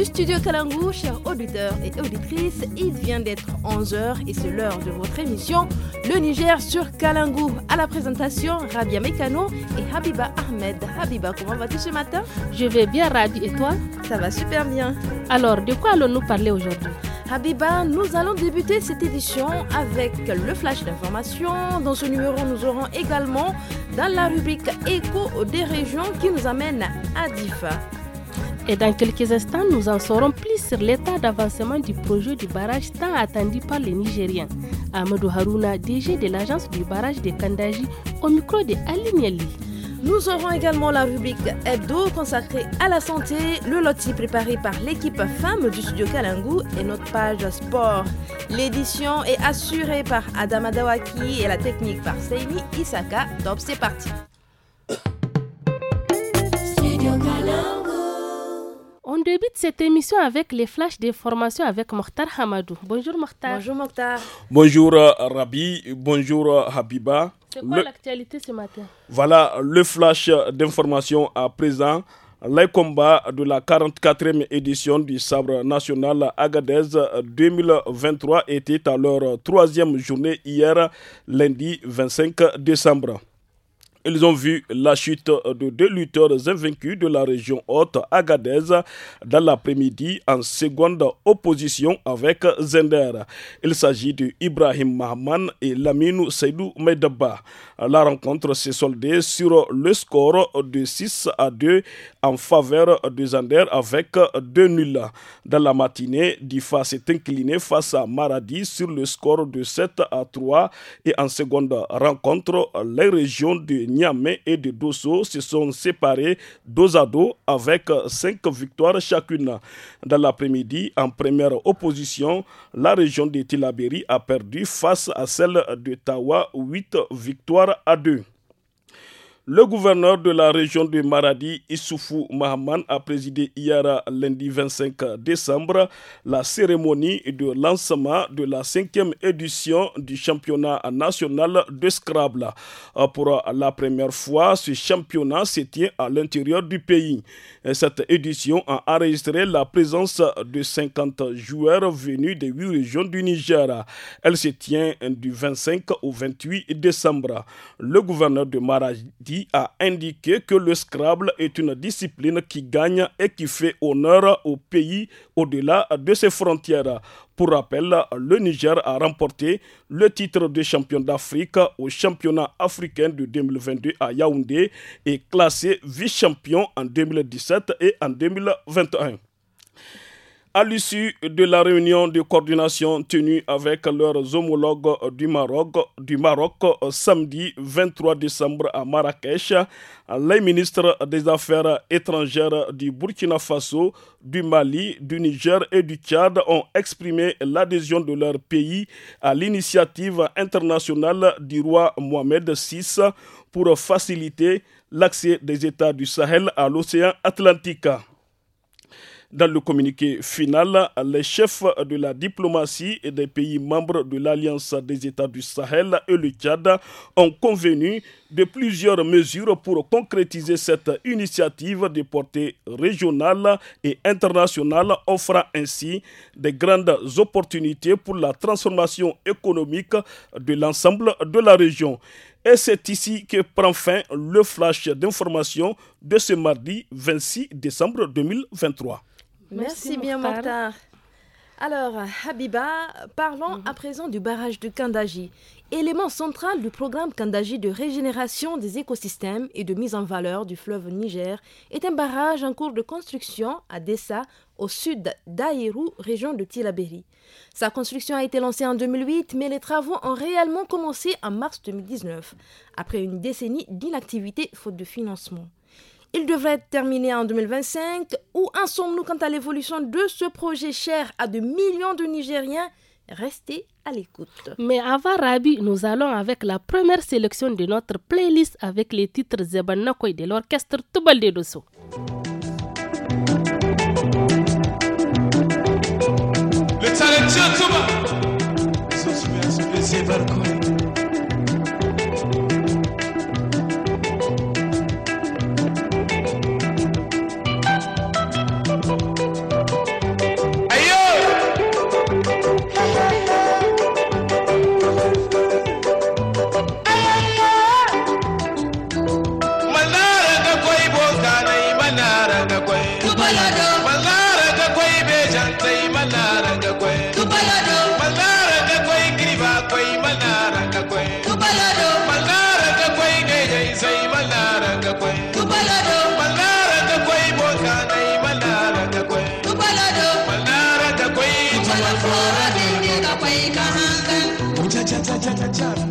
du studio Kalangu, chers auditeurs et auditrices, il vient d'être 11h et c'est l'heure de votre émission Le Niger sur Kalangu. À la présentation, Rabia Mekano et Habiba Ahmed. Habiba, comment vas-tu ce matin Je vais bien, Rabi, et toi Ça va super bien. Alors, de quoi allons-nous parler aujourd'hui Habiba, nous allons débuter cette édition avec le flash d'information. Dans ce numéro, nous aurons également dans la rubrique Écho des régions qui nous amène à Difa. Et dans quelques instants, nous en saurons plus sur l'état d'avancement du projet du barrage tant attendu par les Nigériens. Amadou Haruna, DG de l'agence du barrage de Kandaji, au micro de Niali. Nous aurons également la rubrique hebdo consacrée à la santé, le loti préparé par l'équipe femme du studio Kalangu et notre page sport. L'édition est assurée par Adama Dawaki et la technique par Seini Isaka. Top, c'est parti. On débute cette émission avec les flashs d'information avec Mokhtar Hamadou. Bonjour Mokhtar. Bonjour Mokhtar. Bonjour euh, Rabi, bonjour euh, Habiba. C'est quoi l'actualité ce matin Voilà le flash d'information à présent. Les combats de la 44e édition du Sabre national Agadez 2023 étaient à leur troisième journée hier, lundi 25 décembre. Ils ont vu la chute de deux lutteurs invaincus de la région haute Agadez dans l'après-midi en seconde opposition avec Zender. Il s'agit de Ibrahim Mahman et Lamine Seydou Medaba. La rencontre s'est soldée sur le score de 6 à 2 en faveur de Zender avec 2 nuls. Dans la matinée, Difa s'est incliné face à Maradi sur le score de 7 à 3 et en seconde rencontre, les régions de Niamey et de Dosso se sont séparés dos à dos avec euh, cinq victoires chacune. Dans l'après-midi, en première opposition, la région de Tilaberi a perdu face à celle de Tawa 8 victoires à 2. Le gouverneur de la région de Maradi, Issoufou Mahaman, a présidé hier lundi 25 décembre la cérémonie de lancement de la cinquième édition du championnat national de Scrabble. Pour la première fois, ce championnat se tient à l'intérieur du pays. Cette édition a enregistré la présence de 50 joueurs venus des huit régions du Niger. Elle se tient du 25 au 28 décembre. Le gouverneur de Maradi a indiqué que le Scrabble est une discipline qui gagne et qui fait honneur au pays au-delà de ses frontières. Pour rappel, le Niger a remporté le titre de champion d'Afrique au championnat africain de 2022 à Yaoundé et classé vice-champion en 2017 et en 2021. À l'issue de la réunion de coordination tenue avec leurs homologues du Maroc, du Maroc samedi 23 décembre à Marrakech, les ministres des Affaires étrangères du Burkina Faso, du Mali, du Niger et du Tchad ont exprimé l'adhésion de leur pays à l'initiative internationale du roi Mohamed VI pour faciliter l'accès des États du Sahel à l'océan Atlantique. Dans le communiqué final, les chefs de la diplomatie et des pays membres de l'Alliance des États du Sahel et le Tchad ont convenu de plusieurs mesures pour concrétiser cette initiative de portée régionale et internationale, offrant ainsi de grandes opportunités pour la transformation économique de l'ensemble de la région. Et c'est ici que prend fin le flash d'information de ce mardi 26 décembre 2023. Merci, bien, Martin. Alors, Habiba, parlons mhm. à présent du barrage de Kandaji, élément central du programme Kandaji de régénération des écosystèmes et de mise en valeur du fleuve Niger, est un barrage en cours de construction à Dessa, au sud d'Aïrou, région de Tilaberi. Sa construction a été lancée en 2008, mais les travaux ont réellement commencé en mars 2019, après une décennie d'inactivité faute de financement. Il devrait être terminé en 2025. Où en sommes-nous quant à l'évolution de ce projet cher à de millions de Nigériens Restez à l'écoute. Mais avant Rabi, nous allons avec la première sélection de notre playlist avec les titres Zebanakoy de l'orchestre Tubal de Tubalado. Ballara da kwai bejan sai malara da kwai. Tubalado. Ballara da kwai griba kwai malara da kwai. Tubalado. Ballara da kwai gaigai sai malara da kwai. Tubalado. Ballara da kwai boka nai malara da kwai. Tubalado. Ballara da kwai. Tubalado. Fora da kwai ka hankan. Cha cha cha cha cha.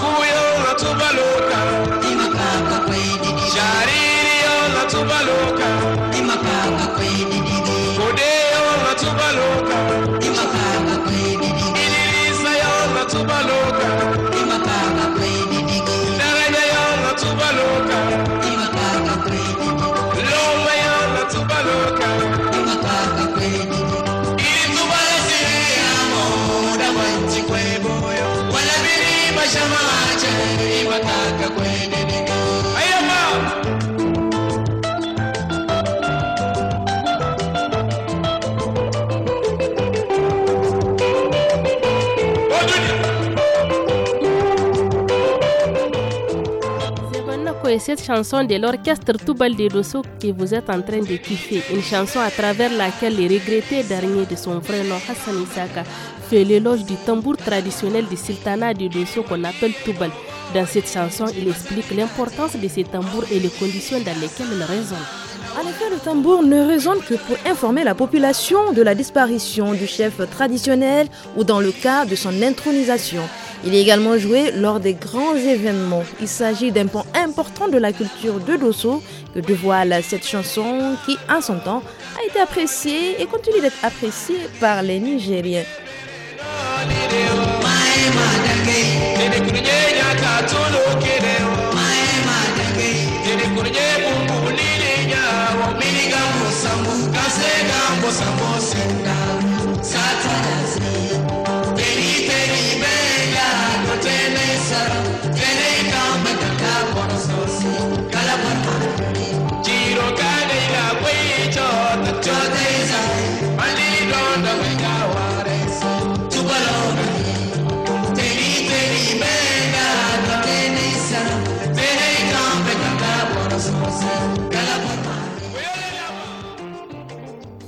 Abu cette chanson de l'orchestre Toubal de Dosso que vous êtes en train de kiffer. Une chanson à travers laquelle le regretté dernier de son frère nom, Hassan Isaka, fait l'éloge du tambour traditionnel du sultanat de Dosso qu'on appelle Toubal. Dans cette chanson, il explique l'importance de ces tambours et les conditions dans lesquelles il résonnent. En effet, le tambour ne résonne que pour informer la population de la disparition du chef traditionnel ou dans le cas de son intronisation. Il est également joué lors des grands événements. Il s'agit d'un point important de la culture de Dosso que dévoile cette chanson qui, en son temps, a été appréciée et continue d'être appréciée par les Nigériens.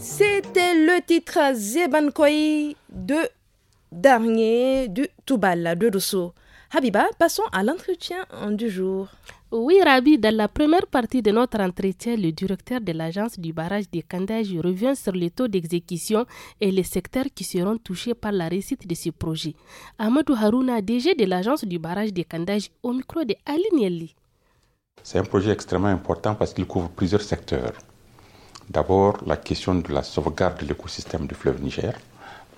C'était le titre Zeban de Dernier du Tubala de Rousseau. Habiba, passons à l'entretien euh, du jour. Oui, Rabi, dans la première partie de notre entretien, le directeur de l'agence du barrage des Candages revient sur les taux d'exécution et les secteurs qui seront touchés par la réussite de ce projet. Amadou Harouna, DG de l'agence du barrage des Candages, au micro de Alinelli. C'est un projet extrêmement important parce qu'il couvre plusieurs secteurs. D'abord, la question de la sauvegarde de l'écosystème du fleuve Niger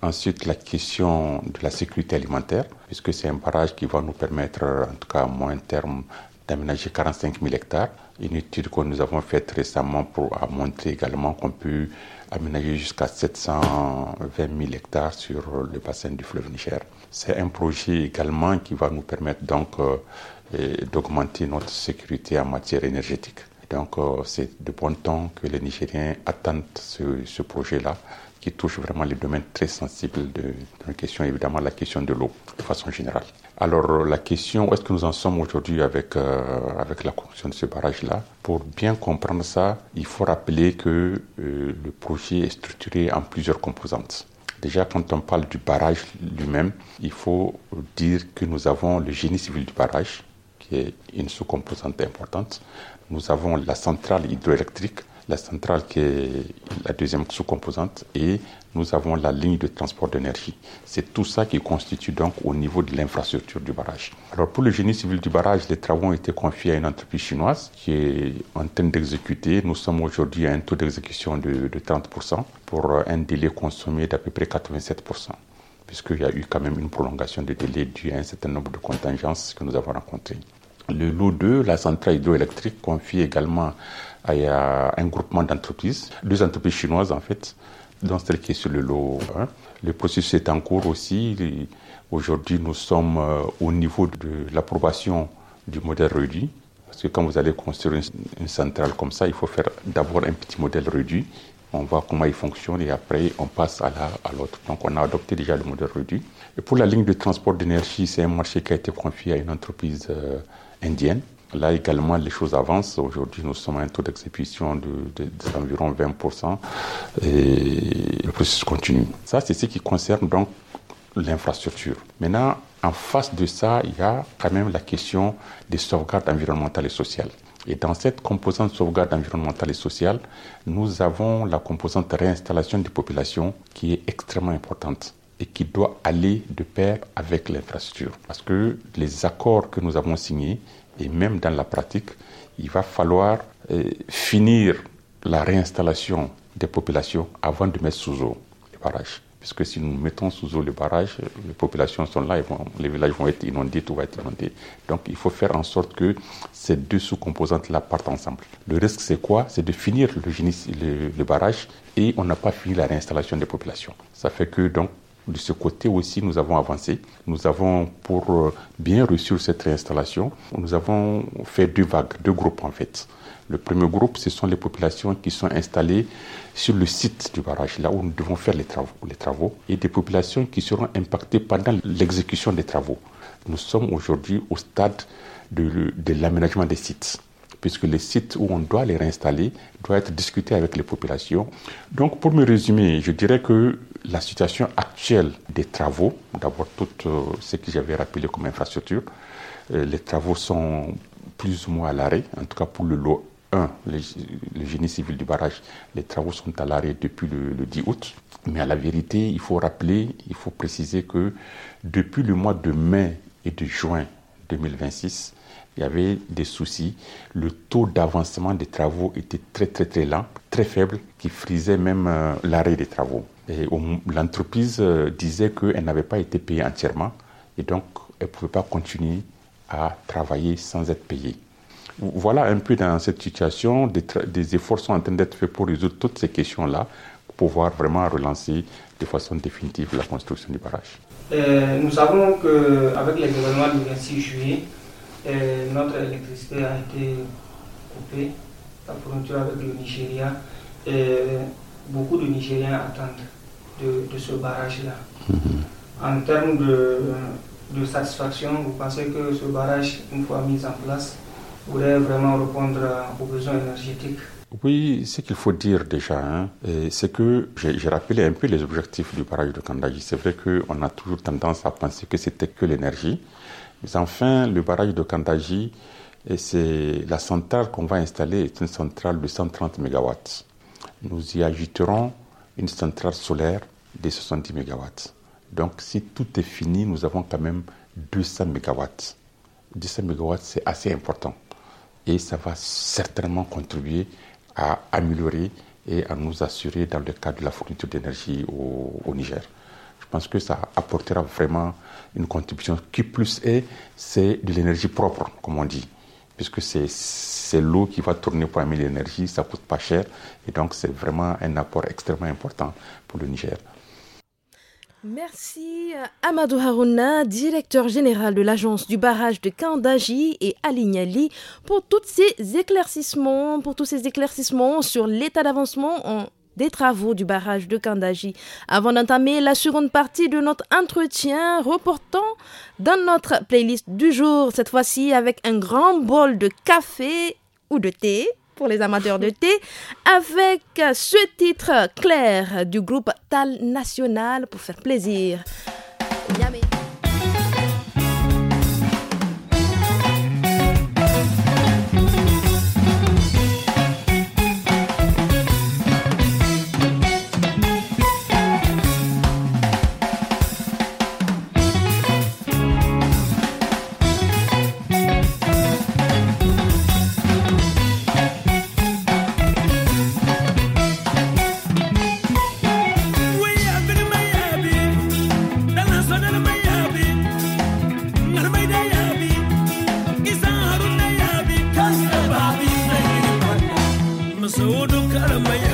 Ensuite, la question de la sécurité alimentaire, puisque c'est un barrage qui va nous permettre, en tout cas à moyen terme, d'aménager 45 000 hectares. Une étude que nous avons faite récemment pour, a montré également qu'on peut aménager jusqu'à 720 000 hectares sur le bassin du fleuve Niger. C'est un projet également qui va nous permettre donc euh, d'augmenter notre sécurité en matière énergétique. Donc euh, c'est de bon temps que les Nigériens attendent ce projet-là qui touche vraiment les domaines très sensibles de, la question, évidemment la question de l'eau de façon générale. Alors la question, où est-ce que nous en sommes aujourd'hui avec, euh, avec la construction de ce barrage-là Pour bien comprendre ça, il faut rappeler que euh, le projet est structuré en plusieurs composantes. Déjà, quand on parle du barrage lui-même, il faut dire que nous avons le génie civil du barrage, qui est une sous-composante importante. Nous avons la centrale hydroélectrique la centrale qui est la deuxième sous-composante et nous avons la ligne de transport d'énergie. C'est tout ça qui constitue donc au niveau de l'infrastructure du barrage. Alors pour le génie civil du barrage, les travaux ont été confiés à une entreprise chinoise qui est en train d'exécuter. Nous sommes aujourd'hui à un taux d'exécution de, 30% pour un délai consommé d'à peu près 87% puisqu'il y a eu quand même une prolongation de délai dû à un certain nombre de contingences que nous avons rencontrées. Le lot 2, la centrale hydroélectrique, confie également à un groupement d'entreprises, deux entreprises chinoises en fait, dans celle qui est sur le lot 1. Le processus est en cours aussi. Aujourd'hui, nous sommes euh, au niveau de l'approbation du modèle réduit. Parce que quand vous allez construire une, centrale comme ça, il faut faire d'abord un petit modèle réduit. On voit comment il fonctionne et après on passe à l'autre. Donc on a adopté déjà le modèle réduit. Et pour la ligne de transport d'énergie, c'est un marché qui a été confié à une entreprise. Euh, indienne. Là également, les choses avancent. Aujourd'hui, nous sommes à un taux d'exécution d'environ 20% et le processus continue. Ça, c'est ce qui concerne donc l'infrastructure. Maintenant, en face de ça, il y a quand même la question des sauvegardes environnementales et sociales. Et dans cette composante sauvegarde environnementale et sociale, nous avons la composante réinstallation des populations qui est extrêmement importante et qui doit aller de pair avec l'infrastructure. Parce que les accords que nous avons signés, et même dans la pratique, il va falloir euh, finir la réinstallation des populations avant de mettre sous eau les barrages. Puisque si nous mettons sous eau les barrages, euh, les populations sont là, les villages vont être inondés, tout va être inondé. Donc il faut faire en sorte que ces deux sous-composantes-là partent ensemble. Le risque, c'est quoi C'est de finir le, génie, le barrage et on n'a pas fini la réinstallation des populations. Ça fait que donc de ce côté aussi, nous avons avancé. Nous avons, pour euh, bien reçu cette réinstallation, nous avons fait deux vagues, deux groupes en fait. Le premier groupe, ce sont les populations qui sont installées sur le site du barrage, là où nous devons faire les travaux, et des populations qui seront impactées pendant l'exécution des travaux. Nous sommes aujourd'hui au stade de l'aménagement des sites puisque les sites où on doit les réinstaller doivent être discutés avec les populations. Donc pour me résumer, je dirais que la situation actuelle des travaux, d'abord tout euh, ce que j'avais rappelé comme infrastructure, euh, les travaux sont plus ou moins à l'arrêt, en tout cas pour le lot 1, le, génie civil du barrage, les travaux sont à l'arrêt depuis le 10 août. Mais à la vérité, il faut rappeler, il faut préciser que depuis le mois de mai et de juin 2026, il y avait des soucis. Le taux d'avancement des travaux était très très très lent, très faible, qui frisait même euh, l'arrêt des travaux. Et l'entreprise euh, disait qu'elle n'avait pas été payée entièrement et donc elle ne pouvait pas continuer à travailler sans être payée. Voilà un peu dans cette situation, des, efforts sont en train d'être faits pour résoudre toutes ces questions-là, pour pouvoir vraiment relancer de façon définitive la construction du barrage. Euh, nous savons qu'avec le gouvernement du 26 juillet, notre électricité a été coupée, la frontière avec le Nigeria, et beaucoup de Nigériens attendent de, ce barrage-là. En termes de, satisfaction, vous pensez que ce barrage, une fois mis en place, pourrait vraiment répondre aux besoins énergétiques oui, ce qu'il faut dire déjà, hein, c'est que j'ai rappelé un peu les objectifs du barrage de Kandaji. C'est vrai qu'on a toujours tendance à penser que c'était que l'énergie, mais enfin, le barrage de Kandaji, c'est la centrale qu'on va installer, est une centrale de 130 MW. Nous y ajouterons une centrale solaire de 70 MW. Donc si tout est fini, nous avons quand même 200 MW. 200 MW, c'est assez important. Et ça va certainement contribuer à améliorer et à nous assurer dans le cadre de la fourniture d'énergie au Niger. Je pense que ça apportera vraiment une contribution qui plus est, c'est de l'énergie propre, comme on dit, puisque c'est l'eau qui va tourner pour amener l'énergie, ça coûte pas cher, et donc c'est vraiment un apport extrêmement important pour le Niger. Merci euh, Amadou Harouna, directeur général de l'agence du barrage de Kandaji et Alignali pour tous ces éclaircissements, pour tous ces éclaircissements sur l'état d'avancement en des travaux du barrage de Kandaji. Avant d'entamer la seconde partie de notre entretien, reportant dans notre playlist du jour, cette fois-ci avec un grand bol de café ou de thé pour les amateurs de thé, avec ce titre clair du groupe Tal National pour faire plaisir. Gotta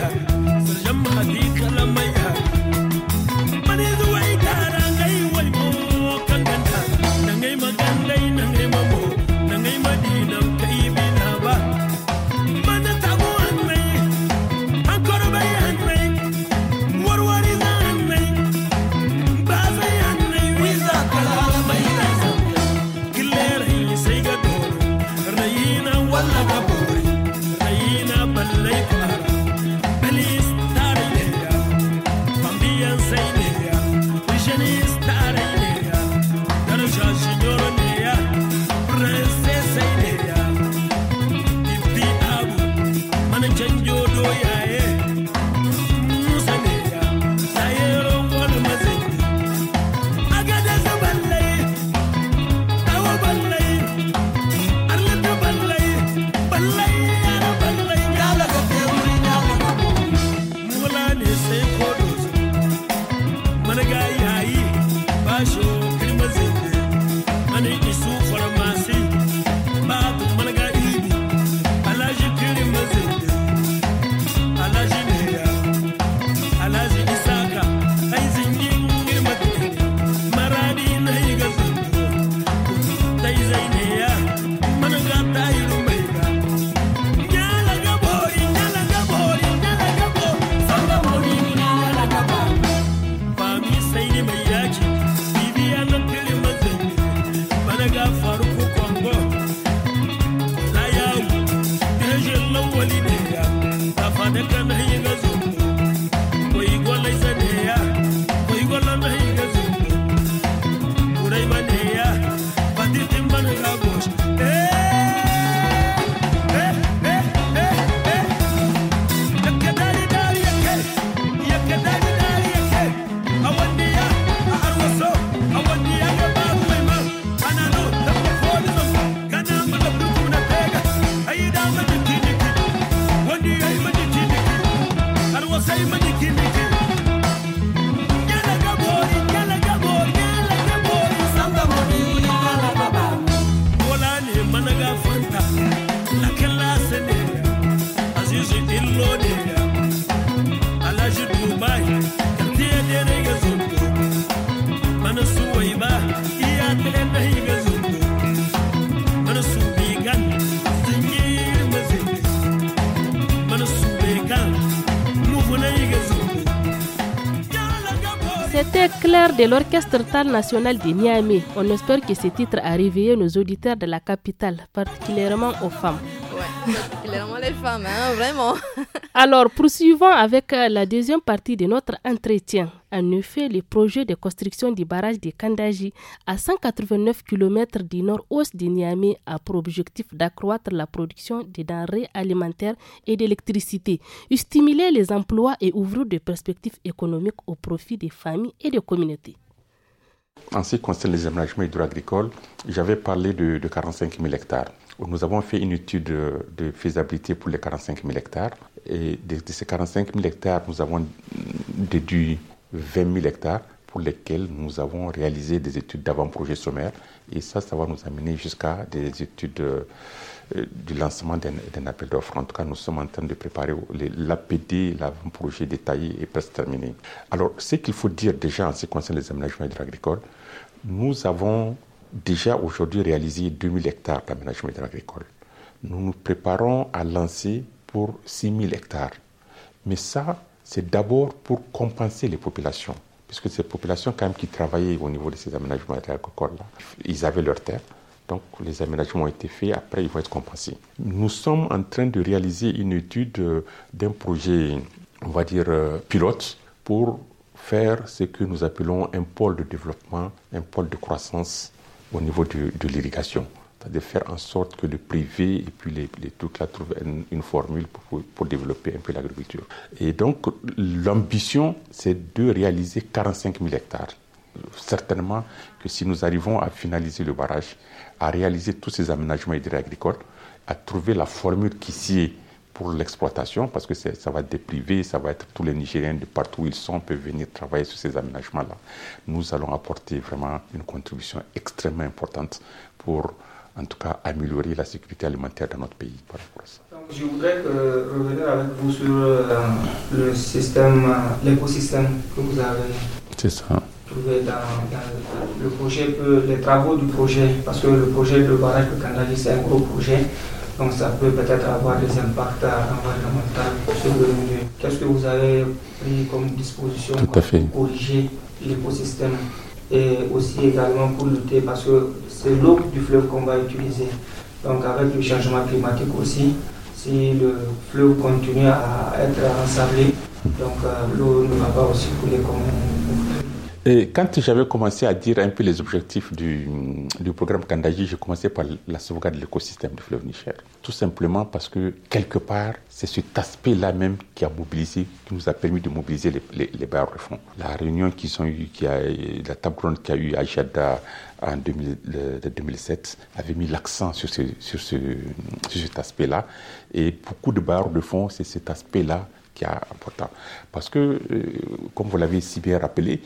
de l'orchestre TAL national de Niamey. On espère que ce titre a réveillé nos auditeurs de la capitale, particulièrement aux femmes. Ouais, particulièrement les femmes, hein, vraiment. Alors, poursuivons avec euh, la deuxième partie de notre entretien. En effet, le projet de construction du barrage de Kandaji à 189 km du nord-ouest de Niamey a pour objectif d'accroître la production des denrées alimentaires et d'électricité, stimuler les emplois et ouvrir des perspectives économiques au profit des familles et des communautés. En ce qui concerne les aménagements hydro-agricoles, j'avais parlé de, 45 000 hectares. Nous avons fait une étude de faisabilité pour les 45 000 hectares et de, ces 45 000 hectares, nous avons déduit 20 000 hectares pour lesquels nous avons réalisé des études d'avant-projet sommaire. Et ça, ça va nous amener jusqu'à des études euh, du lancement d'un appel d'offres. En tout cas, nous sommes en train de préparer l'APD, l'avant-projet détaillé et presque terminé. Alors, ce qu'il faut dire déjà en ce qui concerne les aménagements agricoles, nous avons déjà aujourd'hui réalisé 2 000 hectares d'aménagement agricole. Nous nous préparons à lancer pour 6 hectares. Mais ça, c'est d'abord pour compenser les populations, puisque ces populations quand même qui travaillaient au niveau de ces aménagements agricoles-là, ils avaient leur terre. Donc les aménagements ont été faits, après ils vont être compensés. Nous sommes en train de réaliser une étude euh, d'un projet, on va dire, euh, pilote, pour faire ce que nous appelons un pôle de développement, un pôle de croissance au niveau de l'irrigation de faire en sorte que le privé et puis les, les trucs là trouvent une, formule pour, développer un peu l'agriculture. Et donc l'ambition, c'est de réaliser 45 000 hectares. Certainement que si nous arrivons à finaliser le barrage, à réaliser tous ces aménagements agricoles, à trouver la formule qui s'y est pour l'exploitation, parce que ça va être des privés, ça va être tous les Nigériens de partout où ils sont peuvent venir travailler sur ces aménagements-là. Nous allons apporter vraiment une contribution extrêmement importante pour en tout cas améliorer la sécurité alimentaire dans notre pays par je voudrais revenir avec vous sur euh, le système, l'écosystème que vous avez trouvé dans, le projet, euh, les travaux du projet, parce que le projet de barrage de c'est un gros projet. Donc ça peut peut-être avoir des impacts environnementaux sur le milieu. Qu'est-ce que vous avez pris comme disposition pour corriger l'écosystème et aussi également pour lutter parce que c'est l'eau du fleuve qu'on va utiliser. Donc avec le changement climatique aussi, si le fleuve continue à être ensablé, donc euh, l'eau ne va pas aussi couler comme on et quand j'avais commencé à dire un peu les objectifs du, programme Kandaji, j'ai commencé par la sauvegarde de l'écosystème du fleuve Niger. Tout simplement parce que, quelque part, c'est cet aspect-là même qui a mobilisé, qui nous a permis de mobiliser les, les, bailleurs de fonds. La réunion qui a eu, qui la table ronde qui a eu à Jada en 2007 avait mis l'accent sur, sur cet aspect-là. Et beaucoup de bailleurs de fonds, c'est cet aspect-là qui est important. Parce que, euh, comme vous l'avez si bien rappelé,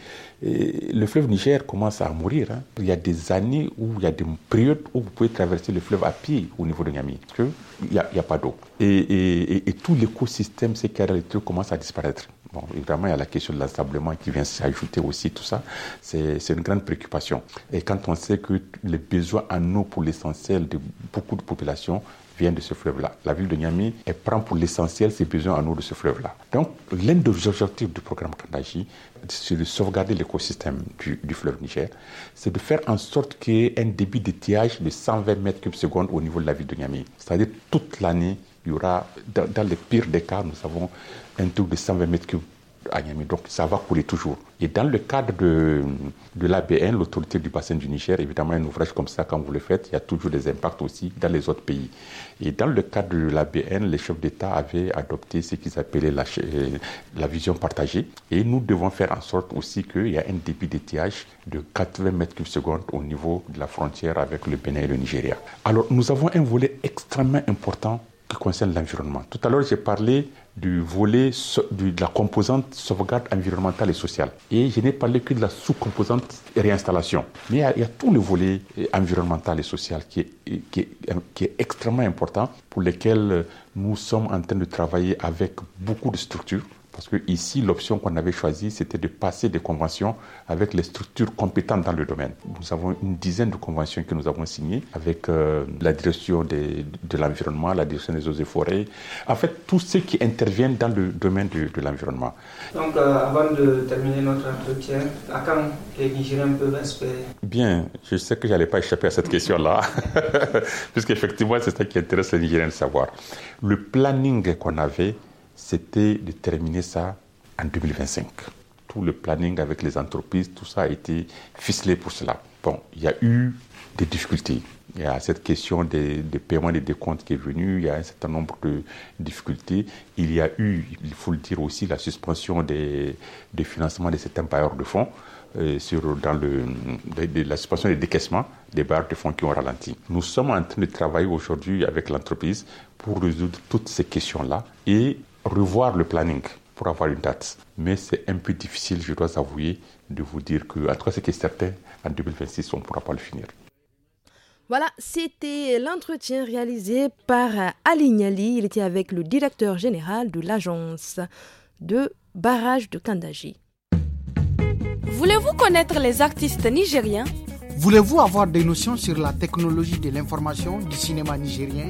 euh, le fleuve Niger commence à mourir. Hein. Il y a des années où il y a des périodes où vous pouvez traverser le fleuve à pied au niveau de Niamey. Il n'y a, pas d'eau. Et, tout l'écosystème, ces caractéristiques commence à disparaître. Bon, évidemment, il y a la question de l'assablement qui vient s'ajouter aussi, tout ça. C'est une grande préoccupation. Et quand on sait que les besoins en eau, pour l'essentiel de beaucoup de populations, vient de ce fleuve-là. La ville de Niamey, elle prend pour l'essentiel ses besoins en eau de ce fleuve-là. Donc, l'un des objectifs du programme Kandaji, c'est de sauvegarder l'écosystème du, fleuve Niger, c'est de faire en sorte qu'il y ait un débit de d'étiage de 120 mètres cubes secondes au niveau de la ville de Niamey. C'est-à-dire toute l'année, il y aura, dans, les pires des cas, nous avons un taux de 120 mètres cubes à Donc ça va couler toujours. Et dans le cadre de, de l'ABN, l'autorité du bassin du Niger, évidemment, un ouvrage comme ça, quand vous le faites, il y a toujours des impacts aussi dans les autres pays. Et dans le cadre de l'ABN, les chefs d'État avaient adopté ce qu'ils appelaient la, euh, la, vision partagée. Et nous devons faire en sorte aussi qu'il y a un débit d'étiage de 80 mètres cubes secondes au niveau de la frontière avec le Bénin et le Nigeria. Alors nous avons un volet extrêmement important qui concerne l'environnement. Tout à l'heure, j'ai parlé du volet de la composante sauvegarde environnementale et sociale. Et je n'ai parlé que de la sous-composante réinstallation. Mais il y, a tout le volet euh, environnemental et social qui est, qui, est, euh, extrêmement important, pour lequel euh, nous sommes en train de travailler avec beaucoup de structures parce que ici, l'option qu'on avait choisie, c'était de passer des conventions avec les structures compétentes dans le domaine. Nous avons une dizaine de conventions que nous avons signées avec euh, la direction de l'environnement, la direction des eaux et forêts, en fait, tous ceux qui interviennent dans le domaine de, de l'environnement. Donc, euh, avant de terminer notre entretien, à quand les Nigériens peuvent respecter Bien, je sais que je n'allais pas échapper à cette question-là, effectivement, c'est ça qui intéresse les Nigériens de savoir. Le planning qu'on avait, c'était de terminer ça en 2025. Tout le planning avec les entreprises, tout ça a été ficelé pour cela. Bon, il y a eu des difficultés. Il y a cette question des, des paiements des décomptes qui est venue, il y a un certain nombre de difficultés. Il y a eu, il faut le dire aussi, la suspension des, financements de certains bailleurs de fonds, euh, sur, dans le, la suspension des décaissements des bailleurs de fonds qui ont ralenti. Nous sommes en train de travailler aujourd'hui avec l'entreprise pour résoudre toutes ces questions-là et revoir le planning pour avoir une date. Mais c'est un peu difficile, je dois avouer, de vous dire que, à ce qui est certain, en 2026, on ne pourra pas le finir. Voilà, c'était l'entretien réalisé par Ali Niali. Il était avec le directeur général de l'agence de barrage de Kandaji. Voulez-vous connaître les artistes nigériens Voulez-vous avoir des notions sur la technologie de l'information du cinéma nigérien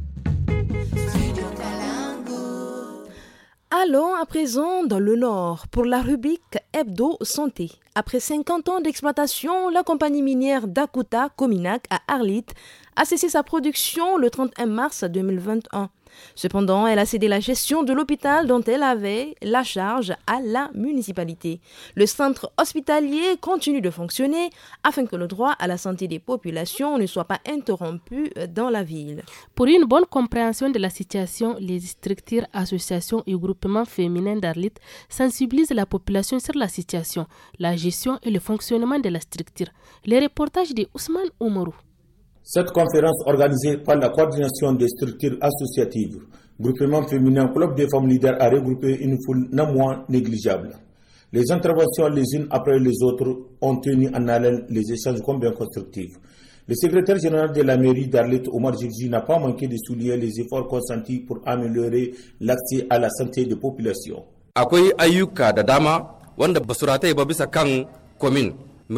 Allons à présent dans le Nord pour la rubrique Hebdo Santé. Après 50 ans d'exploitation, la compagnie minière Dakuta Cominac à Arlit a cessé sa production le 31 mars 2021. Cependant, elle a cédé la gestion de l'hôpital dont elle avait la charge à la municipalité. Le centre hospitalier continue de fonctionner afin que le droit à la santé des populations ne soit pas interrompu dans la ville. Pour une bonne compréhension de la situation, les structures, associations et groupements féminins d'Arlit sensibilisent la population sur la situation, la gestion et le fonctionnement de la structure. Les reportages de Ousmane Oumarou. Cette conférence organisée par la coordination des structures associatives, groupement féminin, club des femmes leaders a regroupé une foule non moins négligeable. Les interventions les unes après les autres ont tenu en haleine les échanges combien constructifs. Le secrétaire général de la mairie d'Arlette, Omar Jirji, n'a pas manqué de souligner les efforts consentis pour améliorer l'accès à la santé des populations. Akoy Ayuka, Dadama, wanda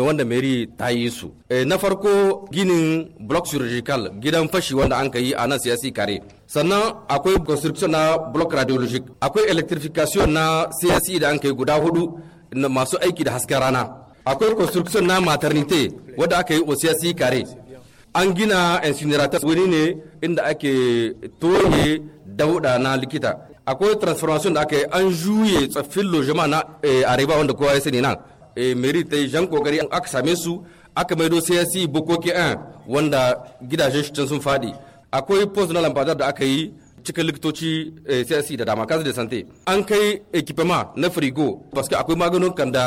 wanda meri ta yi su eh, na farko ginin block surgical gidan fashi wanda an yi a nan siyasi kare sannan akwai construction na block radiologic akwai electrification na siyasi da an yi guda hudu masu aiki da hasken rana akwai construction na maternity wadda aka yi o siyasi kare an gina incinerator wuri ne inda ake toye dauda na likita akwai transformation da aka yi an juye tsaffin lojima na eh, areba wanda kowa ya sani nan Eh, meri ta yi jan kokari aka same su aka maido csc bukoki an wanda gidajen shi sun fadi akwai post na lambadar da aka yi cikin likitoci csc eh, da dama kasu da sante an kai ekipema na firigo paske akwai maganin kanda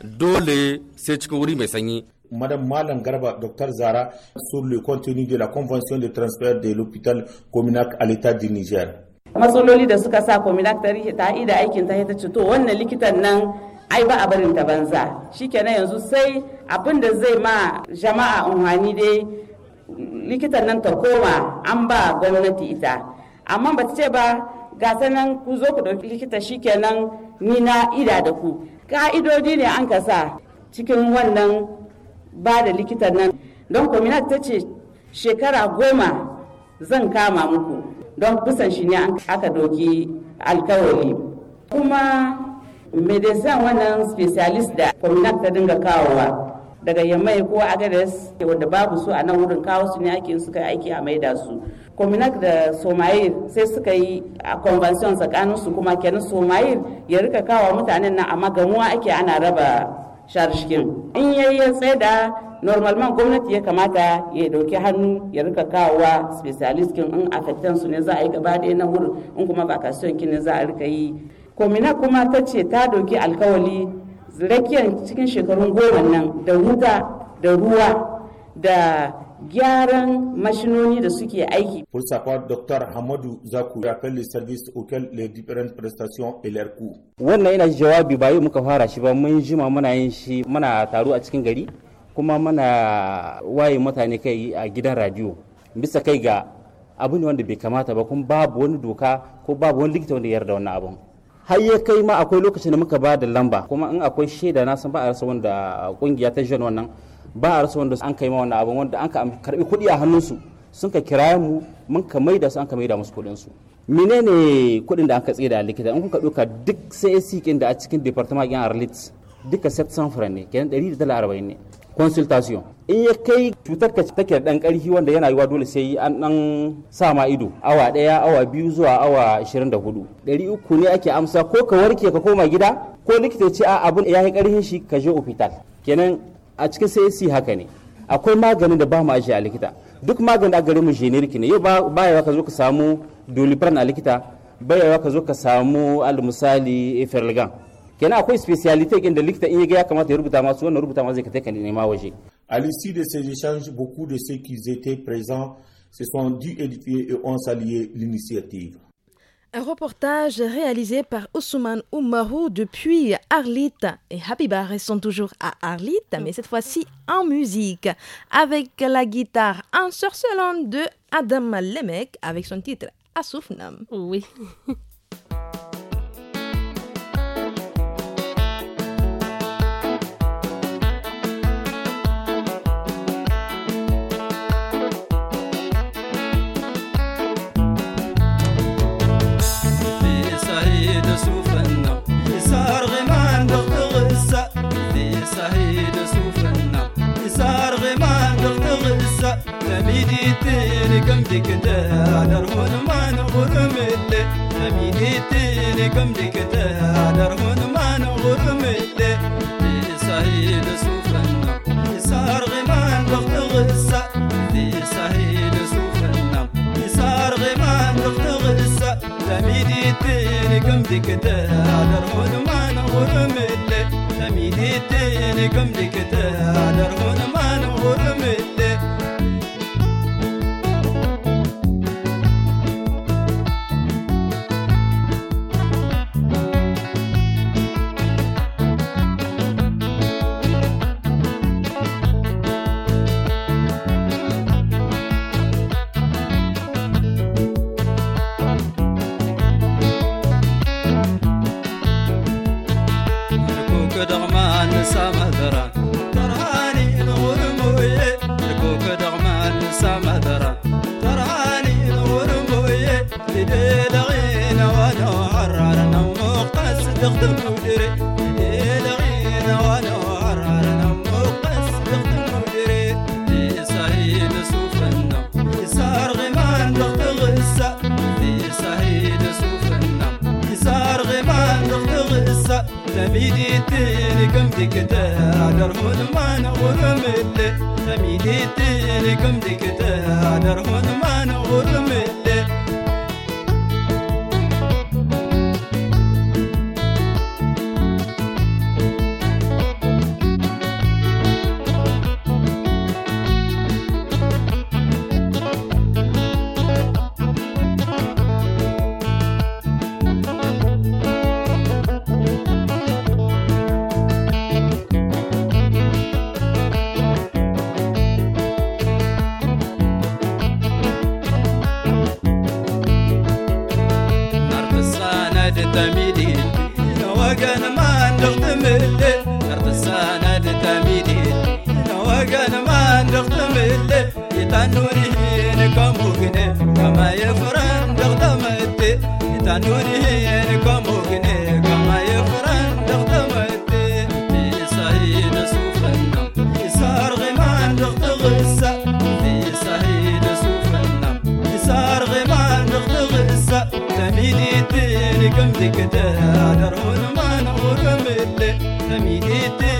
da dole sai cikin wuri mai sanyi Madame Malam Garba, Dr Zara, sur le contenu de la Convention de transfert de l'hôpital Cominac à l'État du Niger. Matsaloli da suka sa Cominac ta rihe ta da aikin ta ta ce to wannan likitan nan ai ba a barin ta banza shikenan yanzu sai abin da zai ma jama'a unhani dai likitan nan ta koma an ba gwamnati ita amma ba ce ba gasa nan ku zo ku ɗauki likita shikenan ni na ida da ku ka'idodi ne an kasa cikin wannan ba da likitan nan don kwaminat ta ce shekara goma zan kama muku don kusan shi ne aka doki alkawari kuma me wannan specialist da kominak ta dinga kawowa daga yammai ko agares wanda babu su a nan wurin kawo su ne ake suka aiki a maida su kominak da somayir sai suka yi a convention tsakanin su kuma kenan somayir ya rika kawo mutanen nan amma gamuwa ake ana raba sharshkin in yayi ya normal normalman gwamnati ya kamata ya dauki hannu ya rika kawowa specialist kin in affectan su ne za a yi gaba ɗaya na wurin in kuma vacation kin ne za a rika yi komina kuma ta ce ta doki alkawali zirakiyar cikin shekarun goma nan da wuta da ruwa da gyaran mashinoni da suke aiki. Pour Dr. Hamadu Zaku ya kalli services auxquels le different prestation LRQ. Wannan yana jawabi ba yau muka fara shi ba mun jima muna yin shi muna taro a cikin gari kuma muna waye mutane kai a gidan radio bisa kai ga abu ne wanda bai kamata ba kuma babu wani doka ko babu wani likita wanda ya yarda wannan abun. har ya kai ma akwai lokacin da muka ba da lamba kuma in akwai shaida na san ba a rasa wanda kungiya ta jan wannan ba a rasa wanda an kai ma wannan abin wanda an ka karbi kuɗi a hannunsu sun ka kira mu mun ka maida su an ka maida musu kuɗin su menene kuɗin da an ka da likita in kuka ɗauka duk sai sikin da a cikin department ɗin arlit duka 700 francs ne kenan 140 ne consultation in ya kai cutar ka take da dan karfi wanda yana yiwa dole sai an dan sa ma ido awa daya awa biyu zuwa awa 24 ɗari uku ne ake amsa ko ka warke ka koma gida ko likita ce a abun ya yi karfin shi ka je hospital kenan a cikin sai haka ne akwai maganin da ba mu ajiye a likita duk magani da gare mu generic ne yau ba yawa ka zo ka samu dolipran a likita ba yawa ka zo ka samu almisali misali A à l'issue de ces échanges beaucoup de ceux qui étaient présents se sont dû édifier et ont salué l'initiative un reportage réalisé par Ousmane Oumarou depuis Arlit. Et Habiba sont toujours à Arlit, mais cette fois-ci en musique, avec la guitare ensorcelante de Adam Lemek avec son titre Asoufnam. Oui. تيني كم دكتا درهون ما نغور ملي نبيني تيني كم دكتا درهون ما نغور ملي سهيل سوفنا يسار غمان وقت غلسة في سهيل سوفنا يسار غمان وقت غلسة تميدي تيني كم دكتا ما نغور ملي تميدي تيني كم دكتا ما نغور ملي gamte gadara darbuun mana oromeellee samiitti.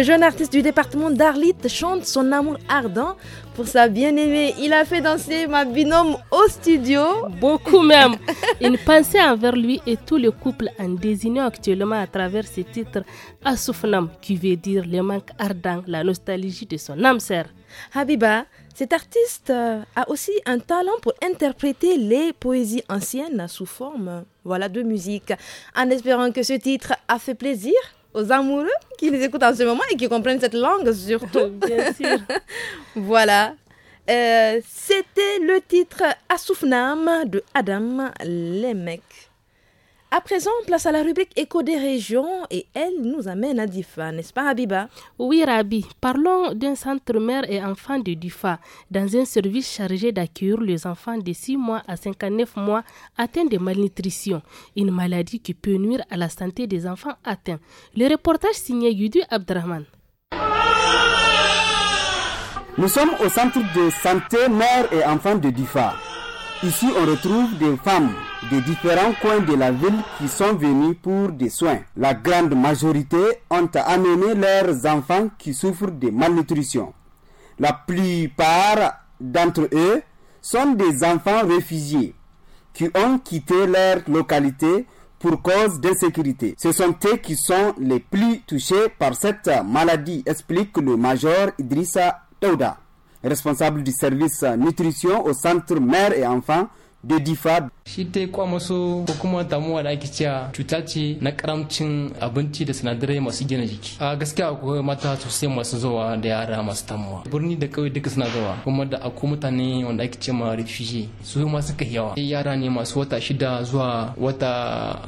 Le jeune artiste du département d'Arlit chante son amour ardent pour sa bien-aimée. Il a fait danser ma binôme au studio. Beaucoup même. Une pensée envers lui et tout le couple en désignant actuellement à travers ses titres Asoufnam, qui veut dire le manque ardent, la nostalgie de son âme sœur. Habiba, cet artiste euh, a aussi un talent pour interpréter les poésies anciennes sous forme voilà, de musique. En espérant que ce titre a fait plaisir, aux amoureux qui nous écoutent en ce moment et qui comprennent cette langue surtout. Bien sûr. voilà. Euh, c'était le titre Assoufnam de Adam Lemek. À présent, place à la rubrique Écho des régions et elle nous amène à Difa, n'est-ce pas Habiba Oui Rabi, parlons d'un centre mère et enfant de Difa, dans un service chargé d'accueillir les enfants de 6 mois à 59 mois atteints de malnutrition, une maladie qui peut nuire à la santé des enfants atteints. Le reportage signé Yudu Abdrahman. Nous sommes au centre de santé mère et enfant de Difa. Ici, on retrouve des femmes de différents coins de la ville qui sont venues pour des soins. La grande majorité ont amené leurs enfants qui souffrent de malnutrition. La plupart d'entre eux sont des enfants réfugiés qui ont quitté leur localité pour cause d'insécurité. Ce sont eux qui sont les plus touchés par cette maladie, explique le major Idrissa Touda responsable du service nutrition au centre mère et enfant. da difa shi ta kwamaso ko kuma damuwa da ake cewa cuta ce na karamcin abinci da sinadarai masu gina jiki a gaskiya akwai mata sosai masu zuwa da yara masu tamuwa birni da kawai duka suna zuwa kuma da akwai mutane wanda ake cewa refugee su ma suka yawa yara ne masu wata shida zuwa wata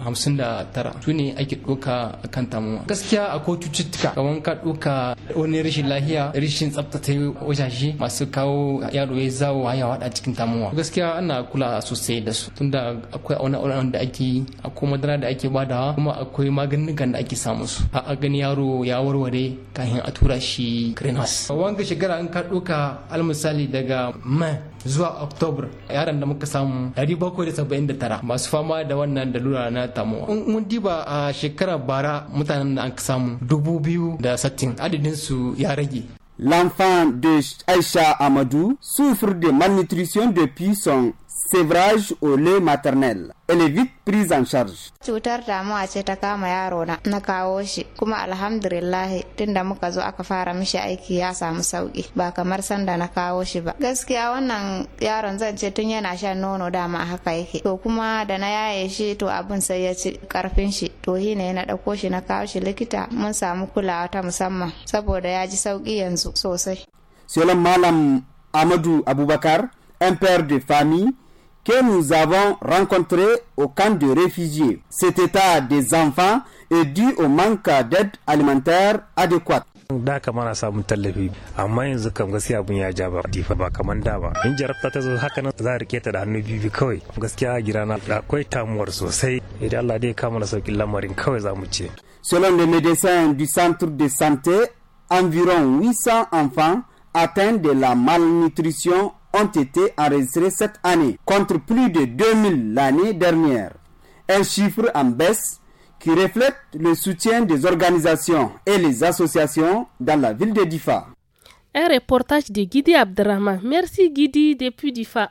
hamsin da tara su ne ake ɗauka a kan tamuwa gaskiya akwai cututtuka kamar ka ɗauka wani rashin lahiya rashin tsaftace wajaje masu kawo yaro ya zawo haya a cikin tamuwa gaskiya ana kula su sai da su tunda akwai auna auna da ake yi akwai madara da ake badawa kuma akwai maganin da ake samu su a gani yaro ya warware kafin a tura shi greenhouse wanga shekara in ka ɗauka almisali daga mai zuwa october yaran da muka samu 779 masu fama da wannan da lura na tamuwa mun diba a shekarar bara mutanen da an samu dubu biyu da satin adadin su ya rage L'enfant de aisha Amadou souffre de malnutrition depuis son sevrage au lait maternel. Elle est vite prise en charge. Cutar damuwa ce ta kama yaro na na kawo shi kuma alhamdulillahi tunda muka zo aka fara mishi aiki ya samu sauki ba kamar sanda na kawo shi ba. Gaskiya wannan yaron zan ce tun yana shan nono dama haka yake. To kuma da na yaye shi to abin sai ya ci karfin shi to shi ne na ɗauko shi na kawo shi likita mun samu kulawa ta musamman saboda ya ji sauki yanzu sosai. Malam Amadu Abubakar, un père de famille que nous avons rencontré au camp de réfugiés. Cet état des enfants est dû au manque d'aide alimentaire adéquate. selon les médecins du centre de santé environ 800 enfants atteints de la malnutrition ont été enregistrés cette année, contre plus de 2000 l'année dernière. Un chiffre en baisse qui reflète le soutien des organisations et les associations dans la ville de Difa. Un reportage de Guidi Abdrahman. Merci Guidi depuis Difa.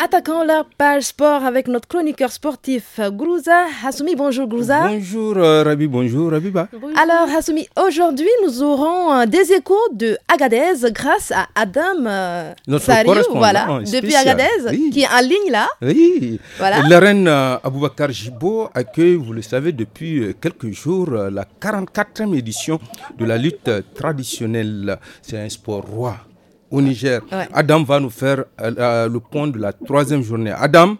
Attaquons la page sport avec notre chroniqueur sportif, Grouza Hassoumi. Bonjour Grouza. Bonjour euh, Rabi, bonjour Rabiba. Alors Hassoumi, aujourd'hui nous aurons euh, des échos de Agadez grâce à Adam euh, notre Sariou, voilà, depuis Agadez, qui est en ligne là. Oui, voilà. la reine Aboubakar Jibo accueille, vous le savez, depuis quelques jours, la 44e édition de la lutte traditionnelle. C'est un sport roi au Niger. Adam va nous faire euh, euh, le point de la troisième journée. Adam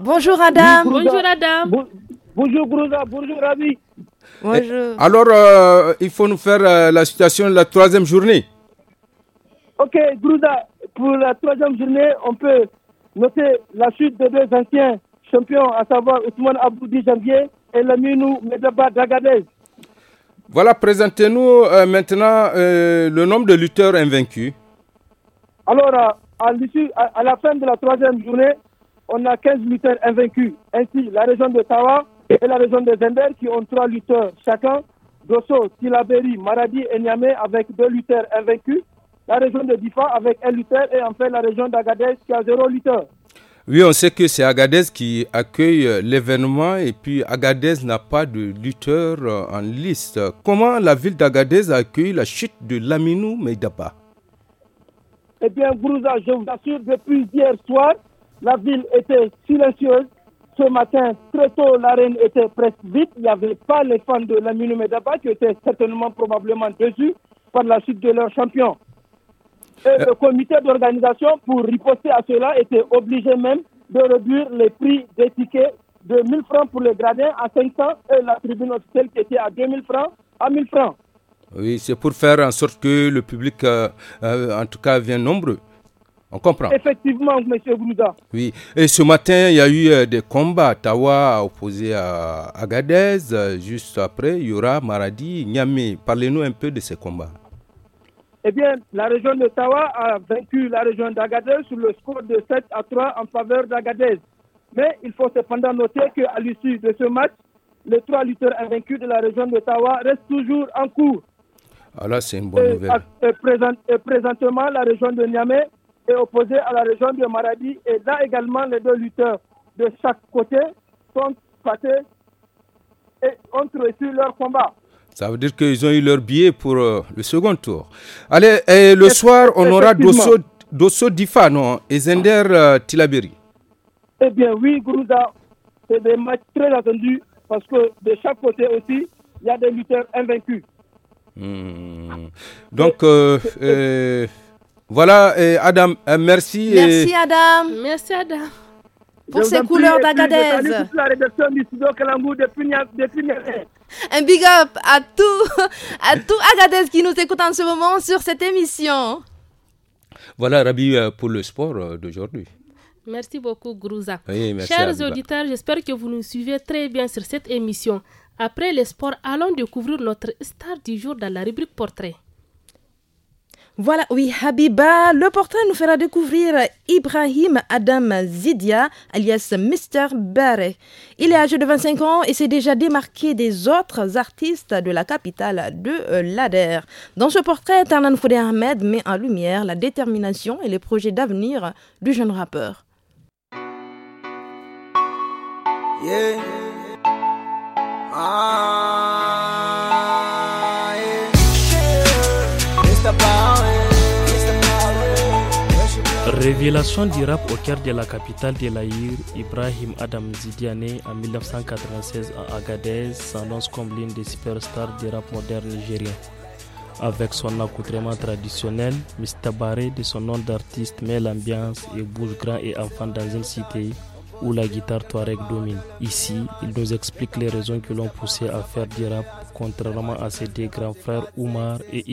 Bonjour Adam. Bonjour Adam. bonjour Gruda, bonjour Rabi. Bonjour. Eh, alors, euh, il faut nous faire la situation de la troisième journée. Ok, Gruda, pour la troisième journée, on peut noter la chute de deux anciens champions, à savoir Ousmane Aboudi Janvier et Laminou Medaba Dagadez. Voilà, présentez-nous maintenant le nombre de lutteurs invaincus. Alors, à la fin de la troisième journée, on a 15 lutteurs invaincus. Ainsi, la région de Tawa et la région de Zender qui ont trois lutteurs chacun. Dosso, Tilaberi, Maradi et Niamey avec deux lutteurs invaincus. La région de Difa avec un lutteur et enfin la région d'Agadez qui a zéro lutteur. Oui, on sait que c'est Agadez qui accueille l'événement et puis Agadez n'a pas de lutteur en liste. Comment la ville d'Agadez a accueilli la chute de Laminou Meidaba eh bien, vous je vous assure, depuis hier soir, la ville était silencieuse. Ce matin, très tôt, l'arène était presque vide. Il n'y avait pas les fans de la Medaba qui étaient certainement, probablement déçus par la chute de leur champion. Et euh. le comité d'organisation, pour riposter à cela, était obligé même de réduire les prix des tickets de 1000 francs pour les gradins à 500 et la tribune officielle qui était à 2000 francs à 1000 francs. Oui, c'est pour faire en sorte que le public, euh, euh, en tout cas, vienne nombreux. On comprend. Effectivement, M. Bouda. Oui. Et ce matin, il y a eu euh, des combats. Tawa opposé à Agadez. Juste après, il y aura Maradi, Niamey. Parlez-nous un peu de ces combats. Eh bien, la région de Tawa a vaincu la région d'Agadez sur le score de 7 à 3 en faveur d'Agadez. Mais il faut cependant noter qu'à l'issue de ce match, les trois lutteurs invaincus de la région de Tawa restent toujours en cours. Ah, c'est une bonne nouvelle. Et, présentement, la région de Niamey est opposée à la région de Maradi. Et là également, les deux lutteurs de chaque côté sont passés et ont reçu leur combat. Ça veut dire qu'ils ont eu leur billet pour euh, le second tour. Allez, et le soir, on aura Dosso, Dosso Difa, non Et Zender euh, Tilaberi. Eh bien, oui, Gourouza, c'est des matchs très attendus parce que de chaque côté aussi, il y a des lutteurs invaincus. Hmm. Donc, euh, euh, voilà, Adam, euh, merci. Merci, Adam. Merci, Adam. Pour ces couleurs d'Agadez. Un big up à tout, à tout Agadez qui nous écoute en ce moment sur cette émission. Voilà, Rabi, pour le sport d'aujourd'hui. Merci beaucoup, Grouza. Chers auditeurs, j'espère que vous nous suivez très bien sur cette émission. Après les sports, allons découvrir notre star du jour dans la rubrique portrait. Voilà, oui, Habiba, le portrait nous fera découvrir Ibrahim Adam Zidia, alias Mr. Barret. Il est âgé de 25 ans et s'est déjà démarqué des autres artistes de la capitale de euh, l'Ader. Dans ce portrait, Tarnan Foudé Ahmed met en lumière la détermination et les projets d'avenir du jeune rappeur. Yeah. Révélation du rap au cœur de la capitale de l'Aïr, Ibrahim Adam Zidiane en 1996 à Agadez s'annonce comme l'une des superstars du rap moderne nigérien. Avec son accoutrement traditionnel, Barré de son nom d'artiste met l'ambiance et bouge grand et enfant dans une cité où la guitare touareg domine. Ici, il nous explique les raisons qui l'ont poussé à faire du rap, contrairement à ses deux grands frères Oumar et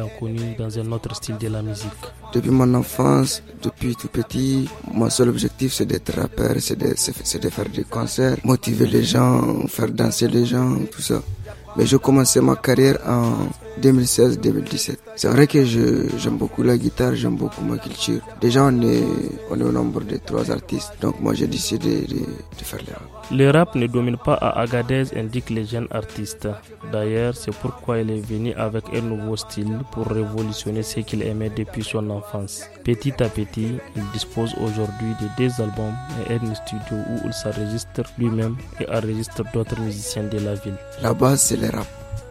en connus dans un autre style de la musique. Depuis mon enfance, depuis tout petit, mon seul objectif c'est d'être rappeur, c'est de, faire des concerts, motiver les gens, faire danser les gens, tout ça. Mais je commençais ma carrière en 2016-2017. C'est vrai que j'aime beaucoup la guitare, j'aime beaucoup ma culture. Déjà, on est, on est au nombre de trois artistes, donc moi j'ai décidé de, de, faire le rap. Le rap ne domine pas à Agadez, indiquent les jeunes artistes. D'ailleurs, c'est pourquoi il est venu avec un nouveau style pour révolutionner ce qu'il aimait depuis son enfance. Petit à petit, il dispose aujourd'hui de deux albums et un studio où il s'enregistre lui-même et enregistre d'autres musiciens de la ville. La base, c'est le rap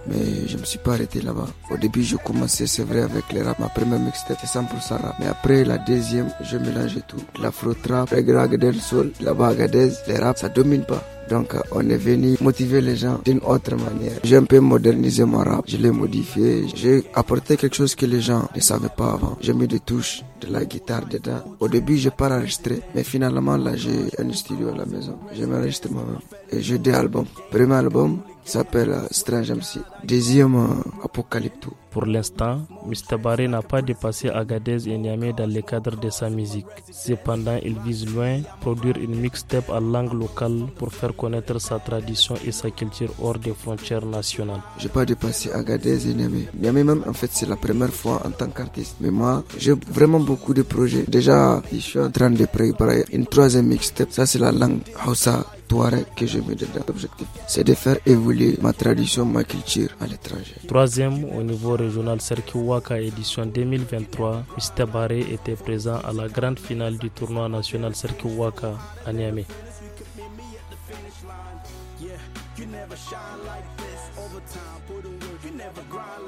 mais je me suis pas arrêté là-bas. Au début, je commençais, c'est vrai, avec les rap. Ma première mixtape, était 100% rap. Mais après, la deuxième, je mélangeais tout. La L'afro-trap, la grag del sol, la bagadez, les rap, ça domine pas. Donc, euh, on est venu motiver les gens d'une autre manière. J'ai un peu modernisé mon rap. Je l'ai modifié. J'ai apporté quelque chose que les gens ne savaient pas avant. J'ai mis des touches, de la guitare dedans. Au début, j'ai pas enregistré. Mais finalement, là, j'ai un studio à la maison. Je m'enregistre moi-même. Et j'ai des albums. Premier album, s'appelle euh, Strange MC. Deuxième euh, Apocalypto. Pour l'instant, Barré n'a pas dépassé Agadez et Niamey dans le cadre de sa musique. Cependant, il vise loin, produire une mixtape en langue locale pour faire connaître sa tradition et sa culture hors des frontières nationales. n'ai pas dépassé Agadez et Niamey. Niamey même, en fait, c'est la première fois en tant qu'artiste. Mais moi, j'ai vraiment beaucoup de projets. Déjà, je suis en train de préparer une troisième mixtape. Ça, c'est la langue Hausa que je mets dedans. L'objectif, c'est de faire évoluer ma tradition, ma culture à l'étranger. Troisième, au niveau journal Waka édition 2023, Mr Baré était présent à la grande finale du tournoi national Waka à Niamey.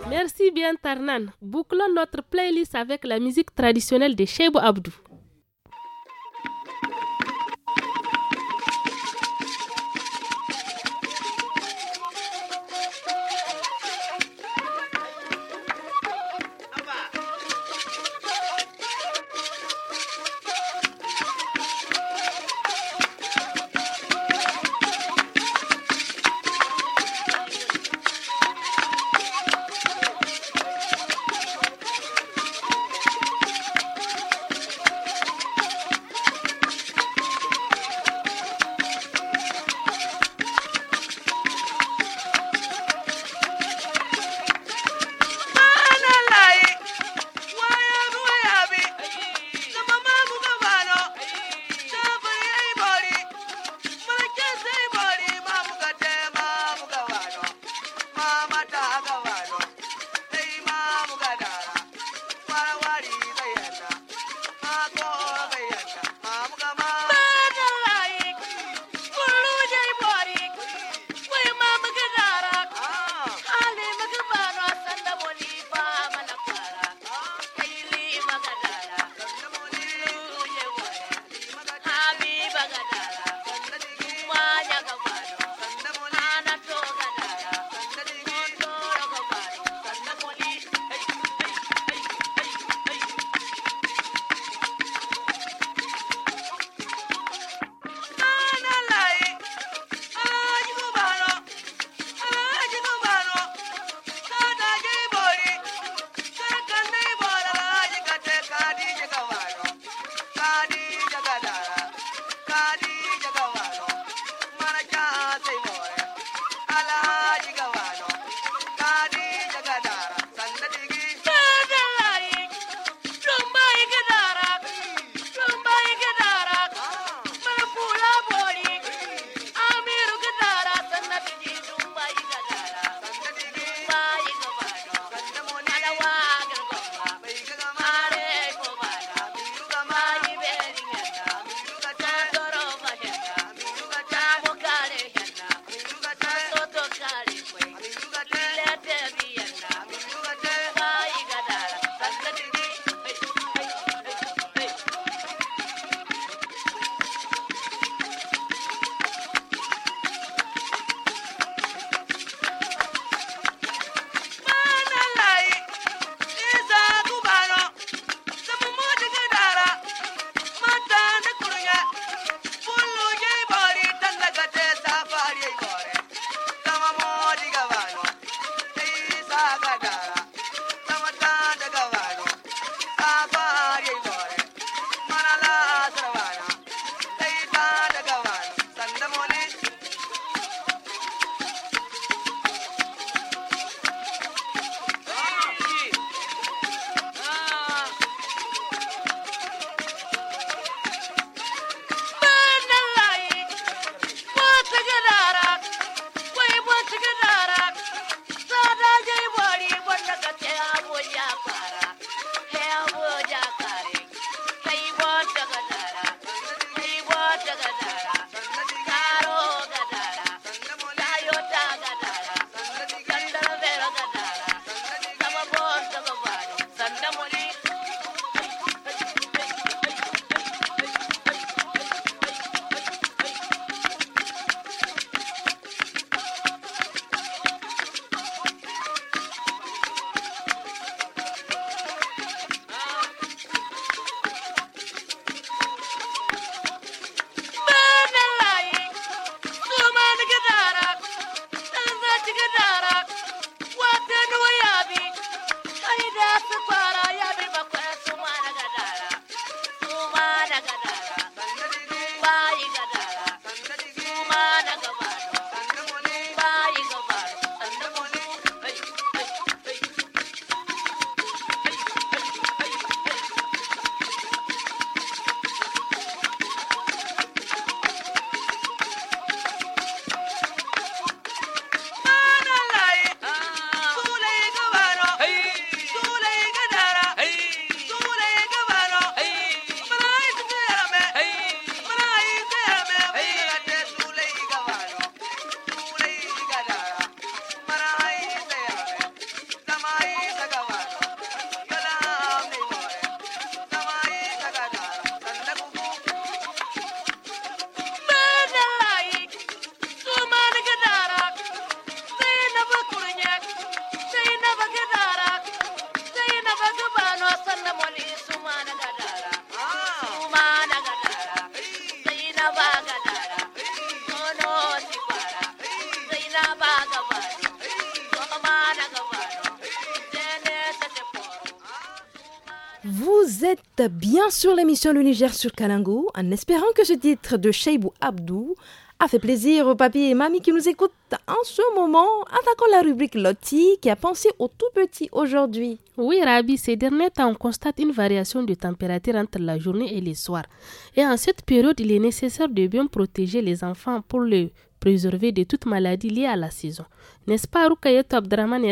Merci bien Tarnan. Bouclons notre playlist avec la musique traditionnelle de Shebo Abdou. Vous êtes bien sur l'émission Le Niger sur Kalango, en espérant que ce titre de Cheibou Abdou a fait plaisir aux papiers et mamies qui nous écoutent en ce moment. Attaquons la rubrique Loti qui a pensé aux tout petits aujourd'hui. Oui, Rabi, ces derniers temps, on constate une variation de température entre la journée et les soirs. Et en cette période, il est nécessaire de bien protéger les enfants pour les préserver de toute maladie liée à la saison. N'est-ce pas, Rukayet Abdraman et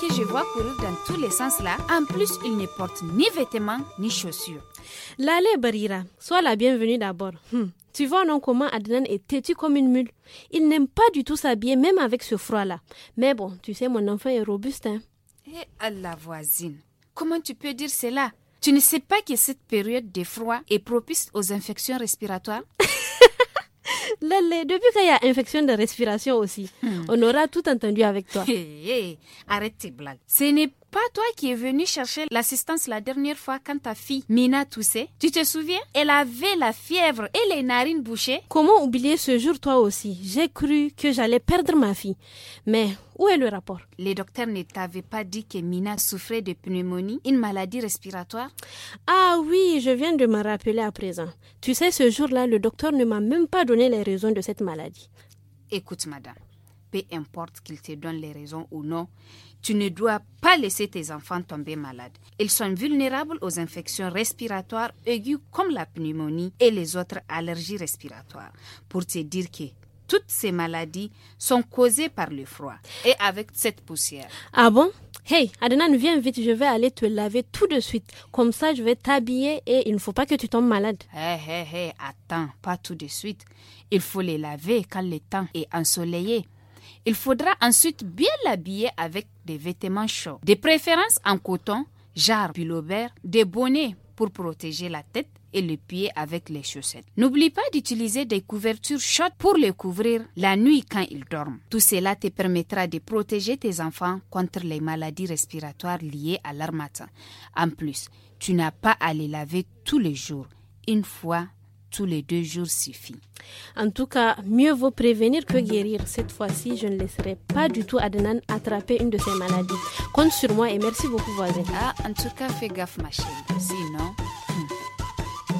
que je vois courir dans tous les sens là, en plus, il ne porte ni vêtements ni chaussures. L'allée Barira, sois la bienvenue d'abord. Hmm. Tu vois non comment Adnan est têtu comme une mule. Il n'aime pas du tout s'habiller, même avec ce froid-là. Mais bon, tu sais, mon enfant est robuste. Hein. Et eh, à la voisine, comment tu peux dire cela Tu ne sais pas que cette période de froid est propice aux infections respiratoires Lelé, depuis qu'il y a infection de respiration aussi, hmm. on aura tout entendu avec toi. arrête tes blagues. Ce n'est pas toi qui es venu chercher l'assistance la dernière fois quand ta fille Mina toussait. Tu te souviens Elle avait la fièvre et les narines bouchées. Comment oublier ce jour toi aussi J'ai cru que j'allais perdre ma fille. Mais où est le rapport Les docteurs ne t'avaient pas dit que Mina souffrait de pneumonie, une maladie respiratoire Ah oui, je viens de me rappeler à présent. Tu sais, ce jour-là, le docteur ne m'a même pas donné les raisons de cette maladie. Écoute, madame, peu importe qu'ils te donnent les raisons ou non, tu ne dois pas laisser tes enfants tomber malades. Ils sont vulnérables aux infections respiratoires aiguës comme la pneumonie et les autres allergies respiratoires. Pour te dire que toutes ces maladies sont causées par le froid et avec cette poussière. Ah bon Hey, Adnan, viens vite, je vais aller te laver tout de suite. Comme ça, je vais t'habiller et il ne faut pas que tu tombes malade. Hey, hey, hey, attends, pas tout de suite. Il faut les laver quand le temps est ensoleillé il faudra ensuite bien l'habiller avec des vêtements chauds, de préférence en coton, jarre, pullover, des bonnets pour protéger la tête et les pieds avec les chaussettes. N'oublie pas d'utiliser des couvertures chaudes pour les couvrir la nuit quand ils dorment. Tout cela te permettra de protéger tes enfants contre les maladies respiratoires liées à matin. En plus, tu n'as pas à les laver tous les jours, une fois tous les deux jours suffit. En tout cas, mieux vaut prévenir que guérir. Cette fois-ci, je ne laisserai pas du tout Adnan attraper une de ces maladies. Compte sur moi et merci beaucoup, voisin. Ah, en tout cas, fais gaffe, ma chérie. Sinon. Hmm.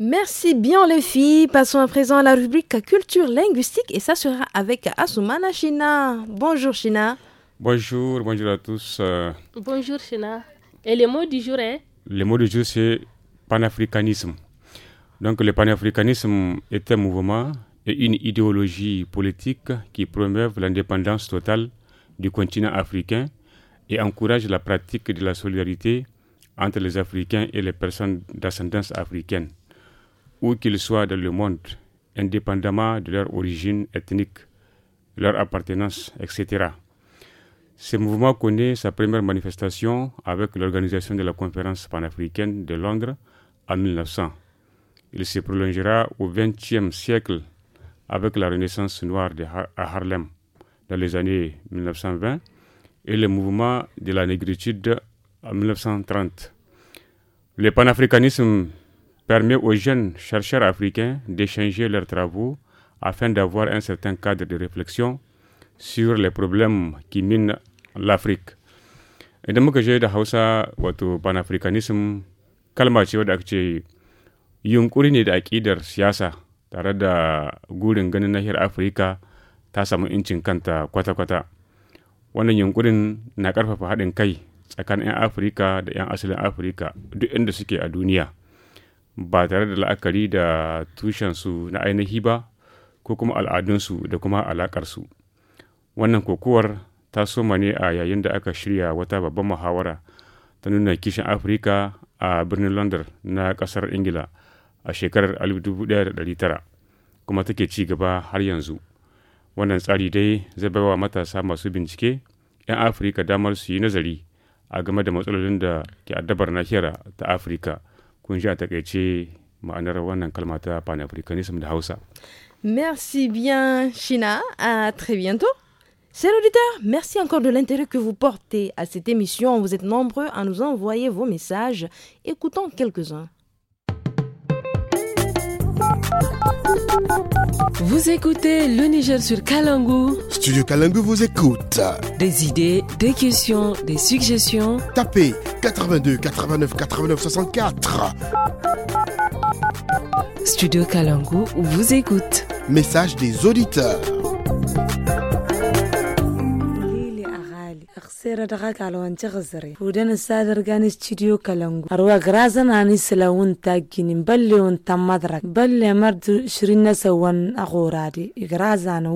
Merci bien les filles. Passons à présent à la rubrique culture linguistique et ça sera avec Asumana China. Bonjour China. Bonjour, bonjour à tous. Euh, bonjour China. Et le mot du jour est hein? Le mot du jour c'est panafricanisme. Donc le panafricanisme est un mouvement et une idéologie politique qui promeuvent l'indépendance totale du continent africain et encourage la pratique de la solidarité entre les Africains et les personnes d'ascendance africaine, où qu'ils soient dans le monde, indépendamment de leur origine ethnique, leur appartenance, etc. Ce mouvement connaît sa première manifestation avec l'organisation de la conférence panafricaine de Londres en 1900. Il se prolongera au XXe siècle avec la Renaissance noire de à Harlem dans les années 1920 et le mouvement de la négritude en 1930. Le panafricanisme permet aux jeunes chercheurs africains d'échanger leurs travaux afin d'avoir un certain cadre de réflexion sur les problèmes qui minent l'Afrique. Et donc, je votre panafricanisme kalma ce wadda aka ce yunkuri ne da aƙidar siyasa tare da gurin ganin nahiyar afirka ta samu incin kanta kwata-kwata wannan yunkurin na ƙarfafa haɗin kai tsakanin 'yan afirka da 'yan asalin afirka duk inda suke a duniya ba tare da la'akari da tushensu na ainihi ba ko kuma al'adunsu da kuma alaƙarsu wannan kokowar ta soma ne a yayin da aka shirya wata babban muhawara ta nuna kishin afirka a birnin london na kasar ingila a shekarar 1900 kuma take ci gaba har yanzu wannan tsari dai zai baiwa matasa masu bincike 'yan afirka damar su yi nazari a game da matsalolin da ke addabar nahiyar ta afirka kun ji a takaice ma'anar wannan kalmata ta pan-africanism da hausa merci bien china à très bientôt C'est l'auditeur. merci encore de l'intérêt que vous portez à cette émission. Vous êtes nombreux à nous envoyer vos messages. Écoutons quelques-uns. Vous écoutez le Niger sur Kalangu. Studio Kalangu vous écoute. Des idées, des questions, des suggestions. Tapez 82 89 89 64. Studio Kalangu vous écoute. Message des auditeurs. sera daga kalwan ci khazari fudan sadar gani studio kalangu arwa grazan ani silawun taginin balle won tamadrak balle mardu shirina sawan agoradi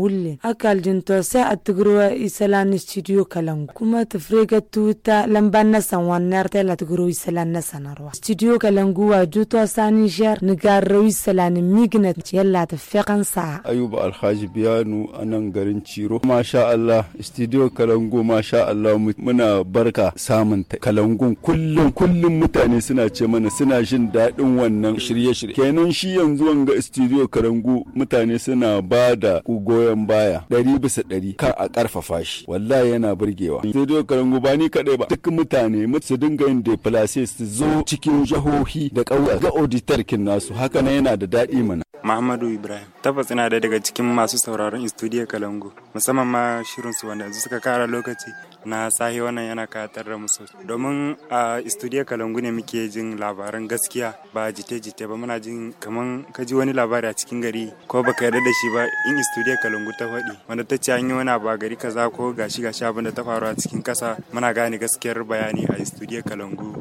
wulle akal jinto sa atgrua isalan studio kalangu kuma tafrega tuta lambanna sawan narte la tgru isalan sanarwa studio kalangu wa juto sani jar nigarro isalan mignat yalla tafaqan sa ayuba alhaji biyanu anan garin ciro masha Allah studio kalangu masha Allah muna barka samun kalangun kullum kullum mutane suna ce mana suna jin daɗin wannan shirye-shirye kenan shi yanzu wanga studio karangu mutane suna ba da goyon baya ɗari bisa ɗari kan a ƙarfafa shi wallahi yana burgewa studio karangu ba ni kaɗai ba duk mutane su dinga yin deplace su zo cikin jahohi da ƙauye ga auditor kin nasu haka na yana da daɗi mana Muhammadu Ibrahim tabbas ina da daga cikin masu sauraron studio kalangu musamman ma shirin su wanda suka kara lokaci na sahi wannan yana katar da musu domin a studio kalangu ne muke jin labaran gaskiya ba jite-jite ba muna jin kamar ka ji wani labari a cikin gari ko baka yarda da shi ba in studio kalangu ta faɗi wanda ta ce an yi wani ba gari kaza ko gashi gashi abin da ta faru a cikin ƙasa muna gane gaskiyar bayani a studio kalangu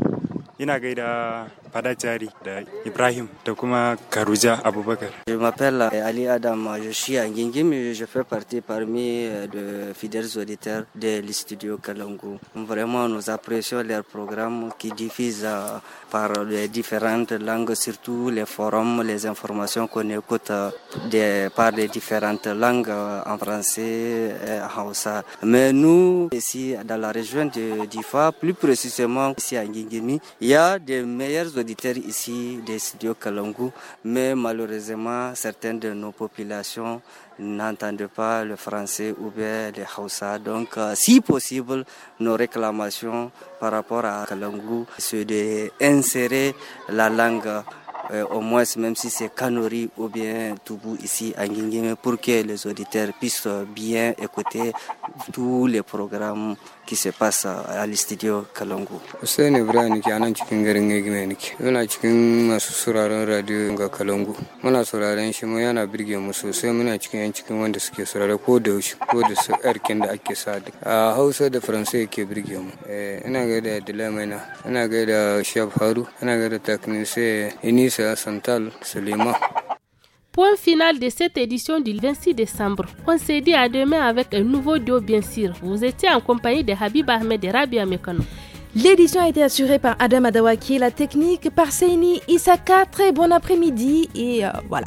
ina gaida Je m'appelle euh, Ali Adam, je suis à Ngingim je fais partie parmi les euh, fidèles auditeurs de l'Istudio Kalangu. Vraiment, nous apprécions leur programme qui diffuse euh, par les différentes langues, surtout les forums, les informations qu'on écoute par les différentes langues en français et en Mais nous, ici dans la région de Difa, plus précisément ici à Ngingimi, il y a des meilleurs auditeurs auditeurs ici des studios Kalangu, mais malheureusement, certaines de nos populations n'entendent pas le français ou bien le Hausa. Donc, euh, si possible, nos réclamations par rapport à Kalangu, c'est d'insérer la langue euh, au moins même si c'est Kanori ou bien Toubou ici à Nguingime, pour que les auditeurs puissent bien écouter tous les programmes qui se passe à l'Istudio Kalangu. Hussein Ibrahim nake anan cikin garin Egime nake. Muna cikin masu sauraron radio ga Kalangu. Muna sauraren shi mu yana birge mu sosai muna cikin yan cikin wanda suke surara ko da yaushe ko da su erkin da ake sa A Hausa da Faransai yake birge mu. Eh, ina ga da Dilamaina, ina ga da Shaf Haru, ina ga da Taknise Inisa Santal Suleiman. Point final de cette édition du 26 décembre. On se dit à demain avec un nouveau duo, bien sûr. Vous étiez en compagnie de Habib Ahmed et Rabia Mekano. L'édition a été assurée par Adam Adawaki, la technique par Seini Isaka. Très bon après-midi et euh, voilà.